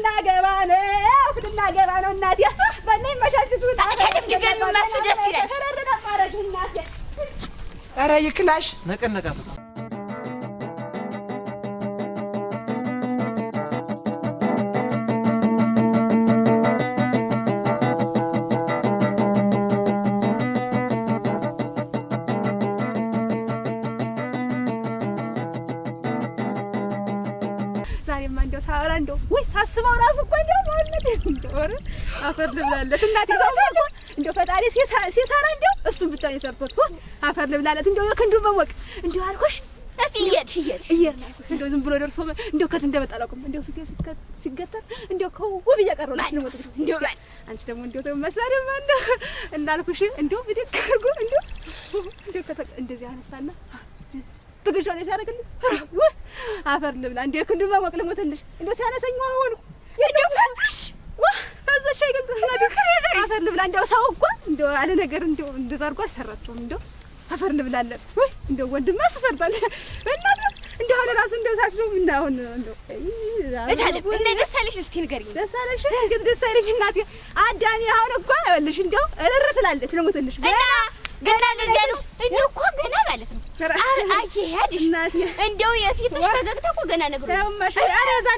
ልናገባ ነው ልናገባ ነው እናቴ ይላል። ኧረ ይክላሽ ዛሬማ እንደው ሳወራ እንደው ወይ ሳስበው ራሱ እኮ እንደው ማለት እንደው ኧረ አፈር ልብላለት እናቴ ሰው እንደው ፈጣሪ ሲሰራ እንደው እሱም ብቻ ነው የሰርቶት አፈር ልብላለት እንደው የክንዱን መወቅ እንደው አልኩሽ። እስቲ እየሄድሽ እየሄድሽ እየሄድን እንደው ዝም ብሎ ደርሶ እንደው ከት እንደመጣ አላውቅም። እንደው ፊቴ ሲገተር እንደው ከው ውብ እያቀረሁ ላይ ነው ወስዶ እንደው ላይ አንቺ ደግሞ እንደው ተመስላ ደግሞ እንደው እንዳልኩሽ እንደው ብድግ አድርጎ እንደው እንደው ከተቀ እንደዚህ አነሳና ትግሻውን ያሳረግልኝ ወይ አፈር ልብላ እንዴ ክንዱ ማወቅለ ሞተልሽ እንዴ ሲያነሰኝ ሆንኩ እንዴ ፈዝሽ ፈዝሽ አይገልጥም። አፈር ልብላ እንዴ ሰው እኮ እንዴ አለ ነገር እንዴ እንደዛ አድርጎ አልሰራችሁም እንዴ አፈር ልብላለት ወይ እንዴ ወንድማ ሰርቷል እናት እንዴ አለ ራሱ እንዴ ሳችሁ ምን አሁን እንዴ እታለብ እንዴ ደስ አለሽ እስቲ ንገሪኝ ደስ አለሽ እንዴ ደስ አለሽ እናት አዳሚ አሁን እኮ አይወልሽ እንዴ እርር ትላለች ለሞተልሽ ገና ገና ለዚያ ነው እንዴ እኮ ገና ማለት ነው። አሄድሽ እንደው የፊትሽ ፈገግታ እኮ ገና ኧረ እዛ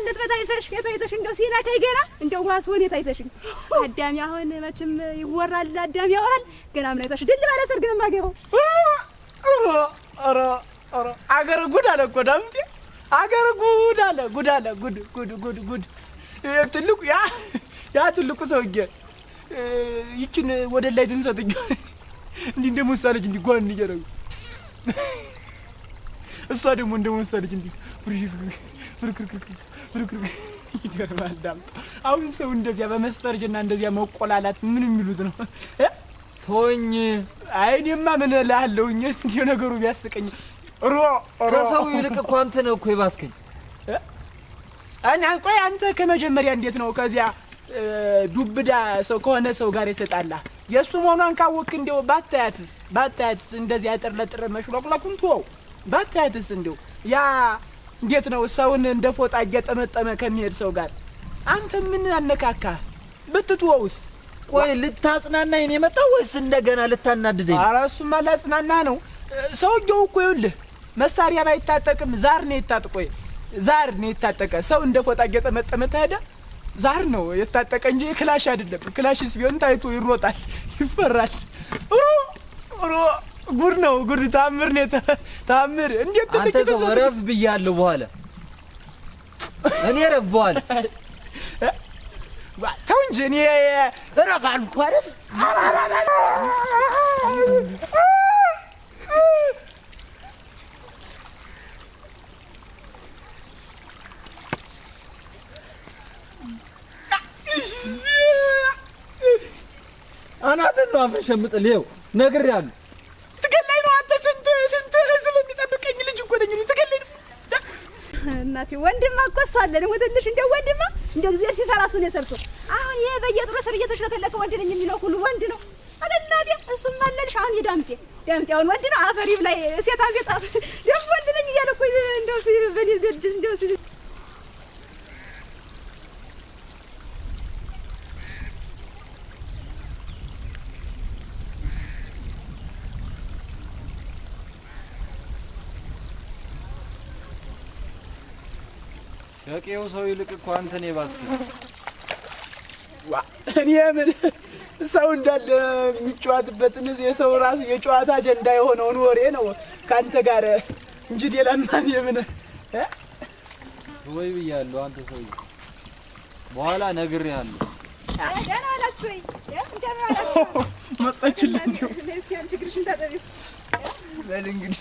እንደው ሲነካኝ ገና እንደው አዳሚ። አሁን መቼም ይወራል አዳሚ ያወራል። ገና ምን አይተሽ ድል ባለ ሰርግ ነው የማገባው። ኧረ ኧረ አገር ጉድ አለ እኮ ዳምጤ፣ አገር ጉድ አለ ጉድ አለ ጉድ ጉድ ጉድ ጉድ ትልቁ ያ ያ ትልቁ ሰውዬ ይችን ወደ ላይ እንዲህ እንደ ሙሳ ልጅ እንዲህ ጓን እያደረጉ እሷ ደግሞ እንደ ወንሳ እንዲህ ፍርክርክርክርክርክርክርክር ይገርማል። ዳምጥ አሁን ሰው እንደዚያ በመስተርጅና እንደዚያ መቆላላት ምን የሚሉት ነው? ተወኝ። አይ ምን እልሃለሁኝ፣ እንዲሁ ነገሩ ቢያስቀኝ ሮ ከሰው ይልቅ እኮ አንተ ነው እኮ የባስከኝ። ቆይ አንተ ከመጀመሪያ እንዴት ነው ከዚያ ዱብዳ ሰው ከሆነ ሰው ጋር የተጣላ የእሱ መሆኗን ካወቅ እንዲው ባታያትስ ባታያትስ እንደዚህ አጥር ለጥር መሽሎቅለቁን ትወው ባታያትስ እንዲው ያ እንዴት ነው ሰውን እንደ ፎጣ እየጠመጠመ ከሚሄድ ሰው ጋር አንተ ምን አነካካ ብትትወውስ? ቆይ ልታጽናናኝ ነው የመጣ ወይስ እንደገና ልታናድደኝ? ኧረ እሱማ ላጽናና ነው። ሰውየው እኮ ይኸውልህ መሳሪያ ባይታጠቅም ዛር ነው የታጥቆ ዛር ነው የታጠቀ ሰው እንደ ፎጣ እየጠመጠመ ተሄደ ዛር ነው የታጠቀ እንጂ ክላሽ አይደለም። ክላሽስ ቢሆን ታይቶ ይሮጣል፣ ይፈራል። ጉድ ነው ጉድ፣ ታምር ነው ታምር። እንዴት ተለክ ነው? ረፍ ብያለሁ። በኋላ እኔ ረፍ በኋላ ተው እንጂ እኔ ረፍ አልኩ አይደል? አናትን ነው አፍን ሸምጥል። ይኸው ነግሬሃለሁ። ትገላይ ነው አንተ። ስንት ስንት ህዝብ የሚጠብቀኝ ልጅ እኮ ነኝ። ትገላይ ነው እናቴ። ወንድማ እኮ እሷ አለ ደግሞ ትንሽ እንደው ወንድማ እንደ እግዚአብሔር ሲሰራ እሱን የሰርቶ አሁን ይሄ በየጥሩ ስር እየተሽለተለከ ወንድ ነኝ የሚለው ሁሉ ወንድ ነው አደናዴ። እሱም አለልሽ አሁን የዳምጤ ዳምጤ አሁን ወንድ ነው። አፈሪብ ላይ ሴታ ሴታ ደግሞ ወንድ ነኝ እያለ እኮ እንደው እንደው ከቄው ሰው ይልቅ እኮ ነው የባስክ። እኔ ምን ሰው እንዳለ የሚጨዋትበትን የሰው ራሱ የጨዋታ አጀንዳ የሆነውን ወሬ ነው ከአንተ ጋር እንጂ ዴላማን ማን የምን ወይ ብያለሁ። አንተ ሰውዬ በኋላ ነግሬሃለሁ። መጣችልኝ። በል እንግዲህ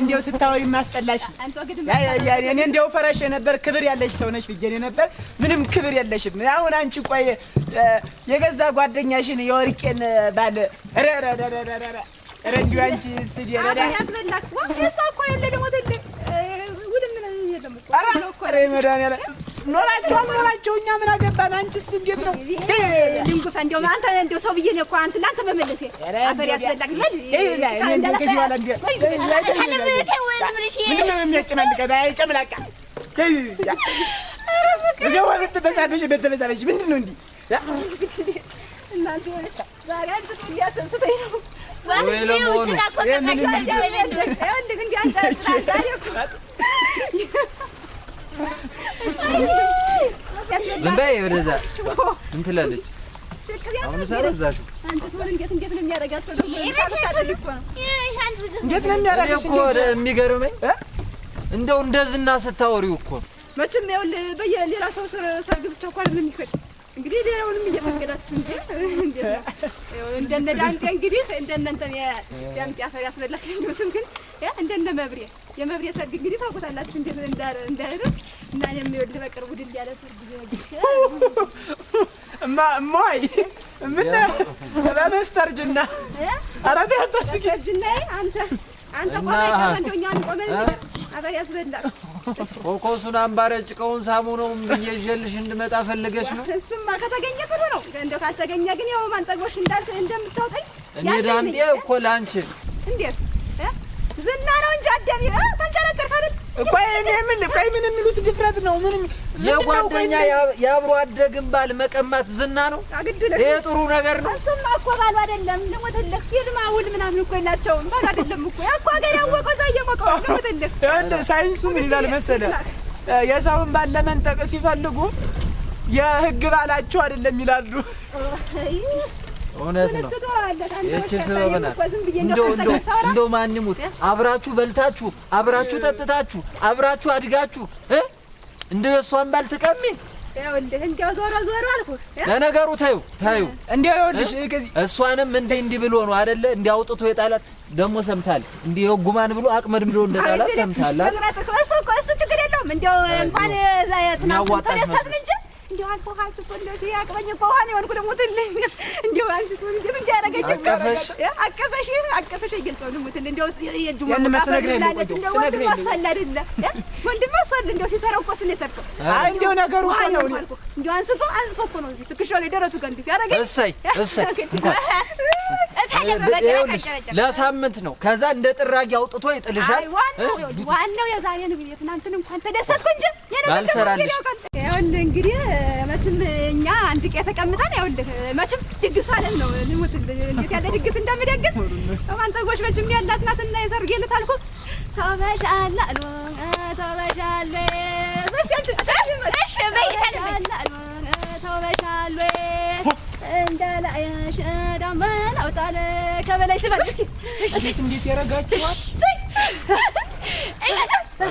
እንዲያው ስታወሪ ማስጠላሽ። እኔ እንዲያው ፈራሽ ነበር። ክብር ያለሽ ሰው ነሽ ብዬሽ ነበር። ምንም ክብር የለሽም። አሁን አንቺ ቆይ የገዛ ጓደኛሽን የወርቄን ባል እንዲሁ አንቺ ስድ ያስበላክ እሷ እኮ የለ ደግሞ ትልቅ ውድም የለም እኮ መድኃኒዓለም ኖራቸው አልኖራቸው እኛ ምን አገባን? አንቺስ እንዴት ነው ልንጉፈ? እንደው አንተ እንደው ሰው ብዬሽ ነው እኮ አንተ ለአንተ በመለሴ አፈር ያስበላክ ምንም የሚያጨማልቀት እዚያው ብትበሳበሽ በተበሳበሽ ምንድን ነው እንዲህ እናንተ ዛሬ አንቺ እያሰብስተኝ ነው ወይ ለመሆኑ ዝም በይ ወደዛ እንትን ትላለች። እንዴት ነው የሚያደርገው እኮ የሚገርመኝ እንደው እንደዝና ስታወሪው እኮ መቼም ይኸውልህ በየሌላ ሰው ሰርግ ብቻ እኮ አይደለም የሚፈድ እንግዲህ ሌላውንም እየፈቀዳችሁ እንዴ እንዴት እንደነ ዳምጤ እንግዲህ እንደነ እንትን የዳምጤ አፈር ያስበላከኝ ስም ግን እንደነ መብሬ የመብሬ ሰርግ እንግዲህ ታውቁታላችሁ እንዴት እንዳሄደ እና የሚወድህ በቅርቡ ድል ያለ ሰርግ እማ እማይ ምን ለበስተርጅና ኧረ ተያታስጊ ጅና አንተ አንተ ቆመኝ እንደኛ ቆመኝ አፈር ያስበላል ኮኮሱን አምባረ ጭቀውን ሳሙናው ብዬ ይዤልሽ እንድመጣ ፈልገሽ ነው? እሱማ ከተገኘ ጥሩ ነው። እንደው ካልተገኘ ግን ያው ማን ጠግቦሽ እንዳልክ እንደምታውጠኝ እኔ ዳምጤ እኮ ላንቺ እንዴት ዝና ነው እንጂ አደም ተንጨረጨር ካለ ቆይ ምን የሚሉት ድፍረት ነው? ምንም የጓደኛ የአብሮ አደግን ባል መቀማት ዝና ነው። ይሄ ጥሩ ነገር ነው። እሱማ እኮ ባሉ አይደለም። ልሞትልህ ፊልም አውል ምናምን እኮ የላቸውም። ባሉ አይደለም እኮ ያኮ ሀገር ያወቀው እዛ እየሞቀው ልሞትልህ። ሳይንሱ ምን ይላል መሰለህ? የሰውን ባል ለመንጠቅ ሲፈልጉ የህግ ባላቸው አይደለም ይላሉ። እውነት ነው። ይህቺ ስበብ ናት። እንደው እንደው እንደው ማን ይሙት አብራችሁ በልታችሁ አብራችሁ ጠጥታችሁ አብራችሁ አድጋችሁ እንደው የእሷን ባል ትቀሚ። እንደው ዞሮ ዞሮ አልኩህ። ለነገሩ ተይው ተይው። እንደው ይኸውልሽ እሷንም እንዲህ እንዲህ ብሎ ነው አይደለ? እንዲህ አውጥቶ የጣላት ደግሞ ሰምታል። እንዲህ ጉማን ብሎ አቅመድ ብሎ እንደጣላት ሰምታል። እሱ ችግር የለውም። እንደው እንኳን ትናንት ተደሰትን እንጂ እንዲሁ አንተ ውሃ ስትሆን እንደዚህ አቅበኝ የሆንኩ ደግሞ ትልኝ እንዲሁ አንቺ ትሆን ግን እንዲህ አቀፈሽ አቀፈሽ አቀፈሽ ይገልጸው ደግሞ ትል እንዲሁ የእጁ ወንድም አሳል አይደለ ወንድም አሳል እንዲሁ ሲሰራው እኮ እሱን የሰርከው እንዲሁ ነገሩ እኮ ነው እንዲሁ አንስቶ አንስቶ እኮ ነው እዚህ ትከሻው ላይ ደረቱ ጋር እንዲህ ያደረገች እሰይ እሰይ ለሳምንት ነው። ከዛ እንደ ጥራጊ አውጥቶ ይጥልሻል። ዋናው የዛሬን ትናንትን እንኳን ተደሰትኩ እንጂ ባልሰራልሽ ይኸውልህ እንግዲህ መቼም እኛ አንድ ቀን ተቀምጠን ይኸውልህ መቼም ድግስ አለን ነው ልሙት እንዴት ያለ ድግስ እንደምደግስ አንተ ጎሽ መቼም ያላት ናት እና የሰርግ የለት አልኩህ። ተመሻለ ተመሻለ ተመሻለ እንዴት ያረጋችኋል?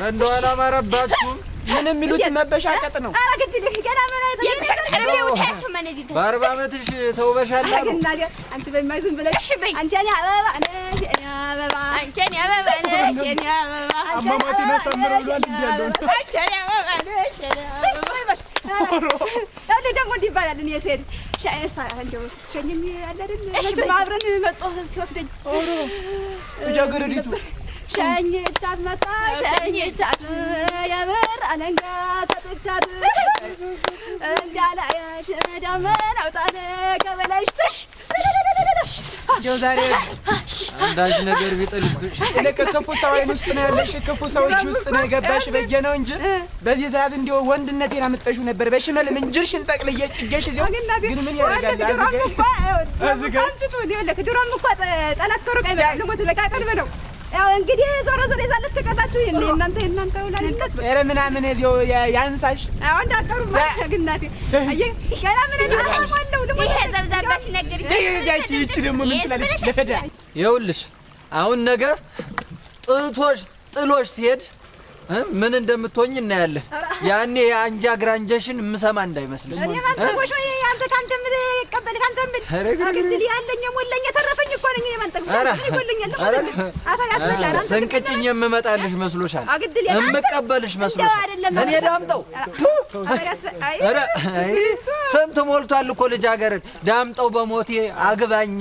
እንደው አላማረባችሁም? ምን የሚሉት መበሻቀጥ ነው። በአርባ ዓመትሽ ተውበሻል። አንቺ በማይዙን ብለሽ አንቺ እኔ አበባ ነሽ እኔ አበባ አንቺ እኔ አበባ ነሽ እኔ አበባ አማማቴ ነሳምረውላል እንዲያለው አንቺ እኔ አበባ ነሽ እኔ አበባ እኔ ደግሞ እንዲህ ይባላል። እኔ ስሄድ እንደው ስትሸኝም አለ አይደል መቼም አብረን መጦ ሲወስደኝ ልጃገረዲቱ ሸኝቻት መጣ ሸኝቻት የብር አለንጋ ሰጥቻት እንዳላየሽ ዳመን አውጣን ከበላሽ ስሽ እንደው ዛሬ አንዳንድ ነገር ቢጥልብሽ ክፉ ሰው አይን ውስጥ ነው ያለሽ፣ ክፉ ሰዎች ውስጥ ነው የገባሽ። በየ ነው እንጂ በዚህ ሰዓት እንዲያው ወንድነቴን አምጠሽው ነበር። በሽመል ምንጅርሽን ጠቅልዬ ጭጌሽ እዚያው ግን ምን ያደርጋል። ድሮም እኮ ጠላት ከሩቅ አይበላም። ልሞት ለቃቀል በለው ያው እንግዲህ ዞሮ ዞሮ ይዛለት ከቀጣችሁ እናንተ እናንተ ውላልነት ኧረ ምናምን እዚሁ ያንሳሽ። አዎ እንዳቀሩ ማግናቴ ይኸውልሽ፣ አሁን ነገ ጥቶሽ ጥሎሽ ሲሄድ ምን እንደምትሆኝ እናያለን። ያኔ የአንጃ ግራንጀሽን የምሰማ እንዳይመስልሽ። አንተ ካንተ ምን ይቀበል ካንተ ምን አግድል ያለኝ ሞላኝ ተረፈ ስንቅጭኝ የምመጣልሽ መስሎሻል? የምቀበልሽ መስሎሻል? እኔ ዳምጠው ስንት ሞልቷል እኮ ልጅ ሀገር ዳምጠው በሞቴ አግባኝ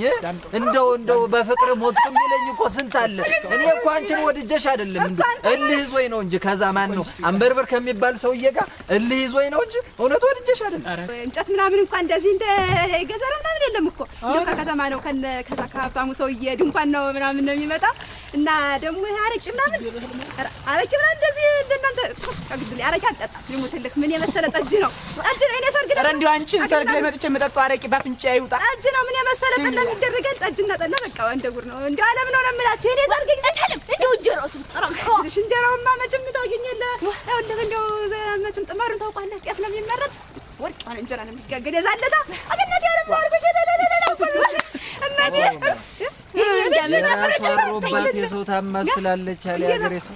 እንደው እንደው በፍቅር ሞት የሚለኝ እኮ ስንት አለ። እኔ እኮ አንቺን ወድጀሽ አይደለም እንዱ እልህ ይዞኝ ነው እንጂ ከዛ ማን ነው አንበርበር ከሚባል ሰውዬ ጋር እልህ ይዞኝ ነው እንጂ እውነት ወድጀሽ አይደለም። እንጨት ምናምን እንኳን እንደዚህ እንደ ገዘረ ምናምን የለም እኮ እንደው ከከተማ ነው ከዛ ከሀብታሙ ሰውዬ ድንኳን ነው ምናምን ነው የሚመጣ እና ደግሞ አረቂ ምናምን አረቂ ምናምን እንደዚህ እንደናንተ ግድ አረቄ አልጠጣም። ልሙትልክ ምን የመሰለ ጠጅ ነው ጠጅ ነው። እኔ ሰርግ ኧረ እንዲሁ አንቺን ሰርግ ላይ መጥቼ የምጠጣው አረቄ ባፍንጫ ይውጣ። ጠጅ ነው ምን የመሰለ ጠላ የሚደረገን ጠጅና ጠላ በቃ እንደ ጉድ ነው። እንዲሁ አለም ነው ለምላችሁ እኔ ሰርግ እንታለም እንዲሁ እንጀራው ስም ጠራሽ እንጀራውማ መቼም የሚታየኝ የለ ይኸውልህ፣ እንዲሁ መቼም ጥመሩን ታውቃለህ። ጤፍ ነው የሚመረት ወርቅ የሆነ እንጀራ ነው የሚጋገድ የዛለታ አገነት ያለም አርበሽ እናቴ እንጃ ምን ጨፈረች። የሰው ታማስላለች አለ ያገሬ ሰው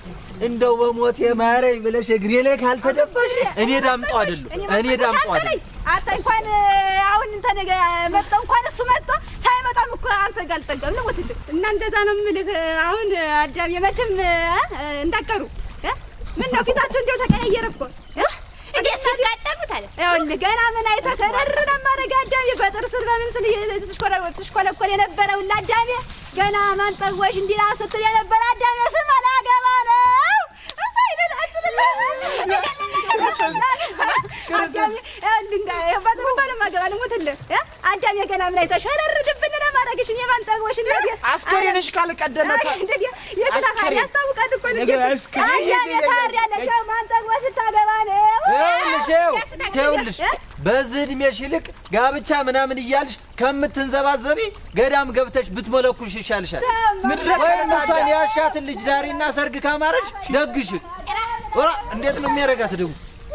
እንደው በሞት የማረኝ ብለሽ እግሬ ላይ ካልተደፋሽ እኔ ዳምጦ አይደለም እኔ ዳምጦ አይደለም። አንተ እንኳን አሁን እንተ ነገ መጣ እንኳን እሱ መጥቶ ሳይመጣም እኮ አንተ ጋር አልጠጋም ነው ወትልክ እና እንደዛ ነው የምልህ። አሁን አዳም የመችም እንዳቀሩ ምን ነው ፊታቸው እንደው ተቀያየረ እኮ እንዴት ሲጋጠሙት አለ። ይኸውልህ ገና ምን አይተህ ከረርነ ማድረግ አዳሜ በጥርስል በምን ስል ትሽኮለኮል የነበረውን አዳሜ ገና ማን ማንጠወሽ እንዲላ ስትል የነበረ አዳሜ ስ አዳሜ ገና ምን አይተሽ ረርድብን ለማድረግሽ በዚህ ዕድሜሽ ይልቅ ጋብቻ ምናምን እያልሽ ከምትንዘባዘቢ ገዳም ገብተሽ ብትመለኩሽ ይሻልሻል። ወይም እሷን ያሻትን ልጅ ዳሪና ሰርግ ካማረሽ ደግሽ እንዴት ነው የሚያረጋት ደግሞ